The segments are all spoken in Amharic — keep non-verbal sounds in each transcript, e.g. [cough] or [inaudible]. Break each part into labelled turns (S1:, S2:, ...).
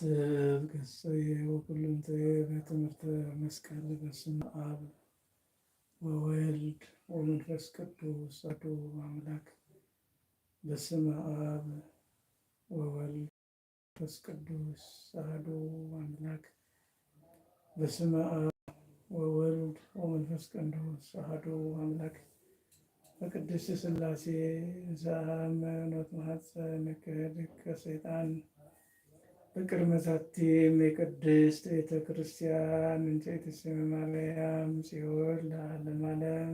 S1: ትገሰየ ወኩልንተየ በትምህርተ መስቀል በስመ አብ ወወልድ ወመንፈስ ቅዱስ አሐዱ አምላክ በስመ አብ ወወልድ መንፈስ ቅዱስ አሐዱ አምላክ በስመ አብ ወወልድ ወመንፈስ ቅዱስ አሐዱ አምላክ በቅድስት ሥላሴ ዘአመ ኖት መሐፀ ከሰይጣን ፍቅር መሳቲም የቅድስት ቤተ ክርስቲያን እንጨት ስም ማርያም ሲሆን ለዓለም ዓለም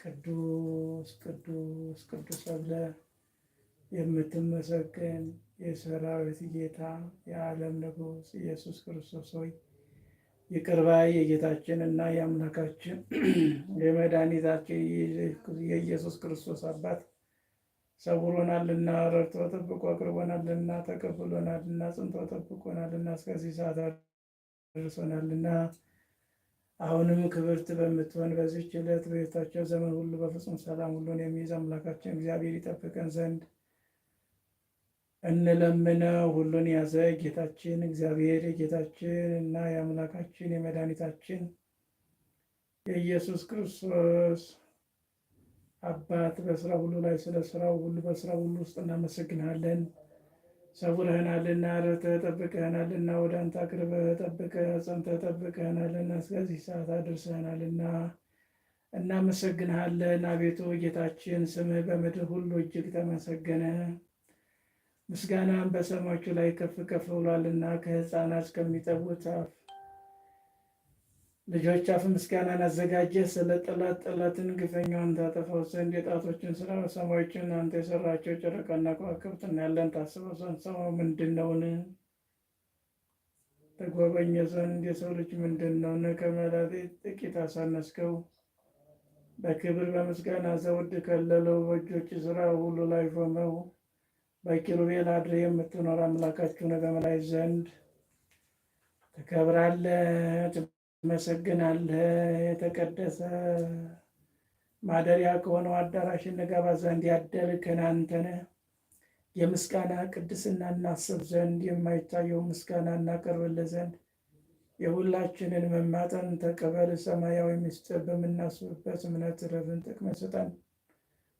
S1: ቅዱስ ቅዱስ ቅዱስ አለ የምትመሰገን የሰራዊት ጌታ የዓለም ንጉሥ ኢየሱስ ክርስቶስ ሆይ ይቅርባይ የጌታችን እና የአምላካችን [clears throat] የመድኃኒታችን የኢየሱስ ክርስቶስ አባት ሰውሮናልና ረድቶ ጠብቆ አቅርቦናልና ተቀብሎናልና ጽንቶ ጠብቆናልና እስከዚህ ሰዓት ደርሶናልና አሁንም ክብርት በምትሆን በዚች ዕለት በቤታቸው ዘመን ሁሉ በፍጹም ሰላም ሁሉን የሚይዝ አምላካችን እግዚአብሔር ይጠብቀን ዘንድ እንለምነው። ሁሉን ያዘ ጌታችን እግዚአብሔር የጌታችን እና የአምላካችን የመድኃኒታችን የኢየሱስ ክርስቶስ አባት በስራ ሁሉ ላይ ስለ ስራው ሁሉ በስራ ሁሉ ውስጥ እናመሰግናለን ሰውረህናልና ረተ ጠብቀህናልና ወደ አንተ አቅርበህ ጠብቀህ ጸንተህ ጠብቀህናልና እስከዚህ ሰዓት አድርሰህናልና እናመሰግንሃለን። አቤቱ ጌታችን ስምህ በምድር ሁሉ እጅግ ተመሰገነ። ምስጋናን በሰማቹ ላይ ከፍ ከፍ ብሏልና ከሕፃናት እስከሚጠቡት ልጆች አፍ ምስጋናን አዘጋጀ ስለ ጠላት ጠላትን ግፈኛውን ታጠፋው ዘንድ የጣቶችን ስራ ሰማዮችን አንተ የሰራቸው ጨረቃና ከዋክብት ያለን ታስበው ዘንድ ሰማው ምንድን ነውን? ተጎበኘ ዘንድ የሰው ልጅ ምንድን ነውን? ከመላእክት ጥቂት አሳነስከው። በክብር በምስጋና ዘውድ ከለለው። በእጆች ስራ ሁሉ ላይ ሾመው። በኪሩቤል አድሬ የምትኖር አምላካችሁ በመላእክት ዘንድ ትከብራለች። መሰግናለህ የተቀደሰ ማደሪያ ከሆነው አዳራሽ እንገባ ዘንድ ያደልከን አንተነ የምስጋና ቅድስና እናስብ ዘንድ የማይታየው ምስጋና እናቀርብልህ ዘንድ የሁላችንን መማጠን ተቀበል። ሰማያዊ ምስጢር በምናስብበት እምነት ረፍን ጥቅም ስጠን።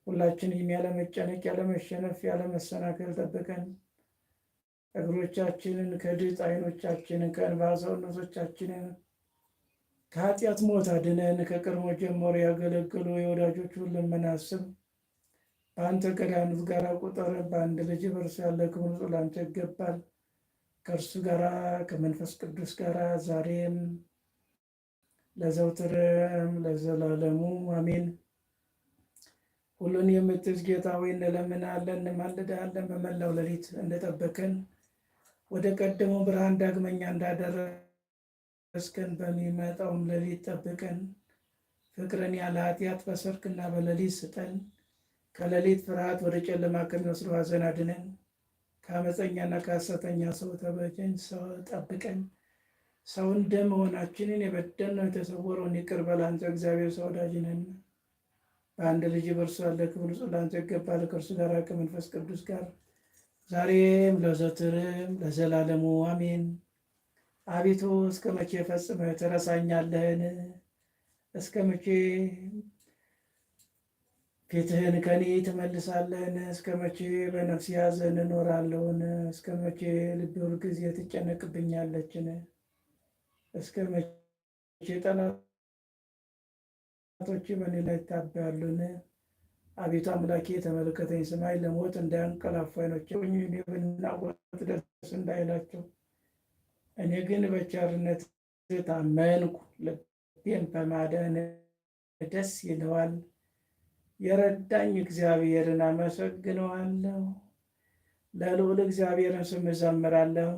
S1: ሁላችንም ያለመጨነቅ ያለመሸነፍ ያለመሰናከል ጠብቀን። እግሮቻችንን ከድጥ አይኖቻችንን ከእንባ ሰውነቶቻችንን ከኃጢአት ሞት አድነን። ከቀድሞ ጀምሮ ያገለገሉ የወዳጆቹን ለምናስብ በአንተ ቀዳኑት ጋር ቁጥር በአንድ ልጅ በእርሱ ያለ ክብር ለአንተ ይገባል። ከእርሱ ጋር ከመንፈስ ቅዱስ ጋር ዛሬም ለዘውትርም ለዘላለሙ አሜን። ሁሉን የምትዝ ጌታ ሆይ እንለምናለን፣ እንማልዳለን። በመላው ሌሊት እንደጠበቀን ወደ ቀደመው ብርሃን ዳግመኛ እንዳደረግ እስከን በሚመጣውም ሌሊት ጠብቀን። ፍቅርን ያለ ኃጢአት በሰርክና በሌሊት ስጠን። ከሌሊት ፍርሃት ወደ ጨለማ ከሚወስደው ሐዘን አድነን። ከአመፀኛና ከሐሰተኛ ሰው ተበጀን፣ ሰው ጠብቀን። ሰው እንደመሆናችንን የበደልነው የተሰወረውን ይቅር በላንተ እግዚአብሔር ሰው ወዳጅ ነን። በአንድ ልጅ በእርሱ ያለ ክብር ሁሉ ለአንተ ይገባል፣ ከእርሱ ጋር ከመንፈስ ቅዱስ ጋር ዛሬም ለዘወትርም ለዘላለሙ አሜን። አቤቱ እስከ መቼ ፈጽመህ ትረሳኛለህን? እስከ መቼ ፊትህን ከኔ ትመልሳለህን? እስከ መቼ በነፍስ ያዘን እኖራለሁን? እስከ መቼ ልቤ ሁልጊዜ ትጨነቅብኛለችን? እስከ መቼ ጠላቶች በእኔ ላይ ይታበያሉን? አቤቱ አምላኬ ተመልከተኝ፣ ስማኝ፣ ለሞት እንዳያንቀላፋ ዓይኖቼ ብናወጥ ደስ እንዳይላቸው እኔ ግን በቸርነት ታመንኩ፣ ልቤን በማዳን ደስ ይለዋል። የረዳኝ እግዚአብሔርን አመሰግነዋለሁ፣ ለልዑል እግዚአብሔርን ስም እዘምራለሁ።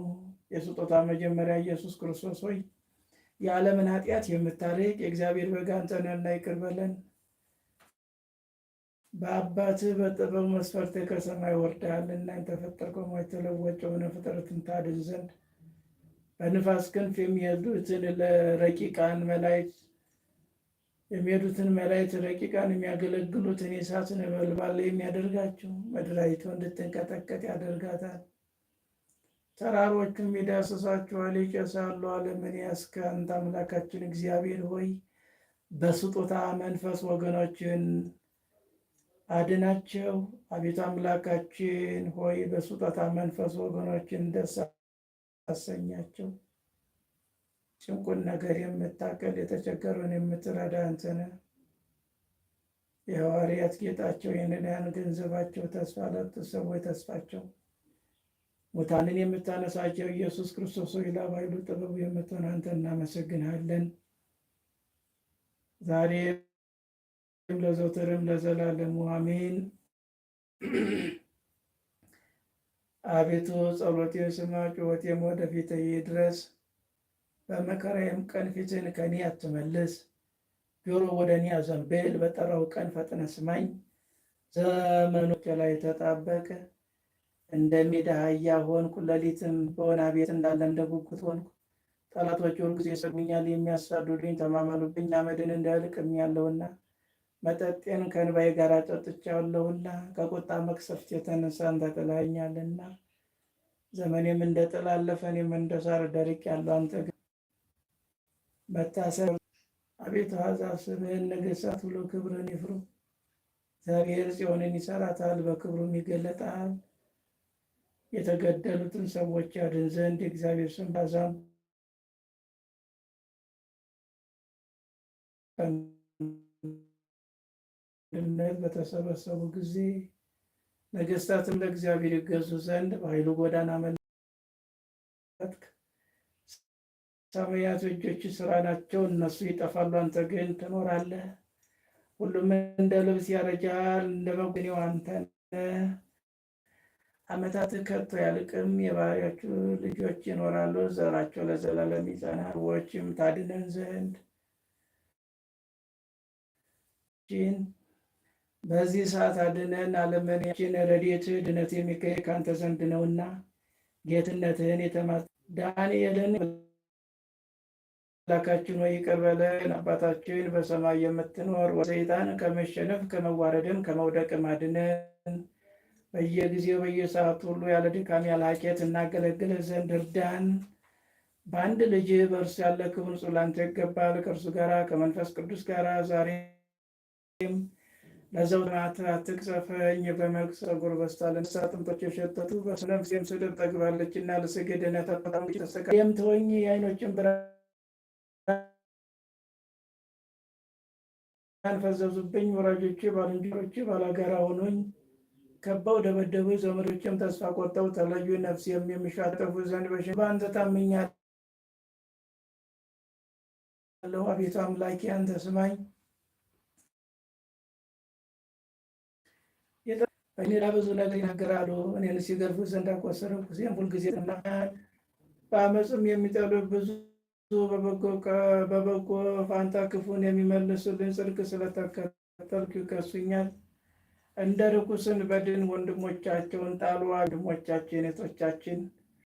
S1: የስጦታ መጀመሪያ ኢየሱስ ክርስቶስ ሆይ የዓለምን ኃጢአት የምታርቅ የእግዚአብሔር በግ አንተ ነህና ይቅር በለን። በአባትህ በጥበብ መስፈርት ከሰማይ ወርደሃልና አንተ ፈጠርከው የሆነ ፍጥረትን ታድን ዘንድ በንፋስ ክንፍ የሚሄዱትን ለረቂቃን መላእክት የሚሄዱትን መላእክት ረቂቃን የሚያገለግሉትን የእሳት ነበልባል የሚያደርጋቸው ምድሪቱ እንድትንቀጠቀጥ ያደርጋታል። ተራሮቹም ይዳስሳቸዋል፣ ይጨሳሉ። ዓለምን ያስከንት አምላካችን እግዚአብሔር ሆይ በስጦታ መንፈስ ወገኖችን አድናቸው። አቤቱ አምላካችን ሆይ በስጦታ መንፈስ ወገኖችን ደሳ አሰኛቸው። ጭንቁን ነገር የምታቀል የተቸገረውን የምትረዳ አንተነ የሐዋርያት ጌጣቸው የነዳያን ገንዘባቸው ተስፋ ለጡ ሰዎች ተስፋቸው ሙታንን የምታነሳቸው ኢየሱስ ክርስቶስ ሆይ ላብ ጥበቡ የምትሆን አንተ እናመሰግንሃለን። ዛሬም ለዘውትርም ለዘላለሙ አሜን። አቤቱ ጸሎቴ ስማ፣ ጩኸቴም ወደ ፊትህ ድረስ። በመከራዬም ቀን ፊትህን ከኔ አትመልስ፣ ጆሮ ወደ እኔ አዘንብል። በጠራው ቀን ፈጥነ ስማኝ። ዘመኖች ላይ ተጣበቅ፣ እንደሚድህ አህያ ሆንኩ። ሌሊትም በወና ቤት እንዳለምደ ጉጉት ሆንኩ። ጠላቶች ሁልጊዜ ይሰድቡኛል፣ የሚያሳዱልኝ ተማመኑብኝ። አመድን እንዳልቅ ያለውና መጠጤን ከእንባዬ ጋር ጠጥቻለሁና ከቁጣ መቅሰፍት የተነሳ አንተ ጥለኸኛልና፣ ዘመኔም እንደ ጥላ አለፈ፣ እኔም እንደ ሳር ደርቄአለሁ። አንተ ግን መታሰብ አቤቱ አሕዛብ ስምህን ነገሥታት ብሎ ክብርን ይፍሩ። እግዚአብሔር ጽዮንን ይሰራታል፣ በክብሩም ይገለጣል። የተገደሉትን ሰዎች ያድን ዘንድ የእግዚአብሔር ስም ባዛም አንድነት በተሰበሰቡ ጊዜ ነገስታትም ለእግዚአብሔር ይገዙ ዘንድ በኃይሉ ጎዳና መለትክ። ሰማያት እጆች ስራ ናቸው፣ እነሱ ይጠፋሉ፣ አንተ ግን ትኖራለህ። ሁሉም እንደ ልብስ ያረጃል፣ እንደ መጎኒው አንተ አመታት ከቶ ያልቅም። የባሪያችሁ ልጆች ይኖራሉ፣ ዘራቸው ለዘላለም ይጸናል። ሰዎችም ታድነን ዘንድ ጂን በዚህ ሰዓት አድነን፣ አለመንያችን ረድኤትህ ድነት የሚካሄድ ከአንተ ዘንድ ነውና ጌትነትህን የተማ ዳንኤልን አምላካችን ወይ ይቅር በለን። አባታችን በሰማይ የምትኖር ሰይጣን ከመሸነፍ ከመዋረድም ከመውደቅም አድነን። በየጊዜው በየሰዓቱ ሁሉ ያለ ድካም ያለ ሀቄት እናገለግልህ ዘንድ እርዳን። በአንድ ልጅ በእርሱ ያለ ክብር ይገባል። ከእርሱ ጋራ ከመንፈስ ቅዱስ ጋራ ዛሬ ለዘውናት አትቅሰፈኝ በመልክ ጸጉር በስታ ለንሳ ጥንቶች የሸተቱ በሰለም ሴም ስድብ ጠግባለች እና ለስግድነት አጣጣሞች ተሰቃ የምትሆኝ የአይኖችን ብርሃን ፈዘዙብኝ። ወራጆች ባልንጀሮቼ ባላጋራ ሆኖኝ ከበው ደበደቡ። ዘመዶችም ተስፋ ቆርጠው ተለዩ። ነፍሴም የሚሻጠፉ ዘንድ በሽ አንተ ታምኛለሁ። አቤቱ አምላኬ አንተ ስማኝ። እኔ ለብዙ ነገር ይናገራሉ፣ እኔን ሲገርፉ ዘንድ አቆሰረኩ። ሴም ሁልጊዜ ጥናሃል፣ በአመፅም የሚጠሉ ብዙ፣ በበጎ ፋንታ ክፉን የሚመልሱልን ጽድቅ ስለተከተልኩ ይከሱኛል። እንደ ርኩስን በድን ወንድሞቻቸውን ጣሉ። ወንድሞቻችን እህቶቻችን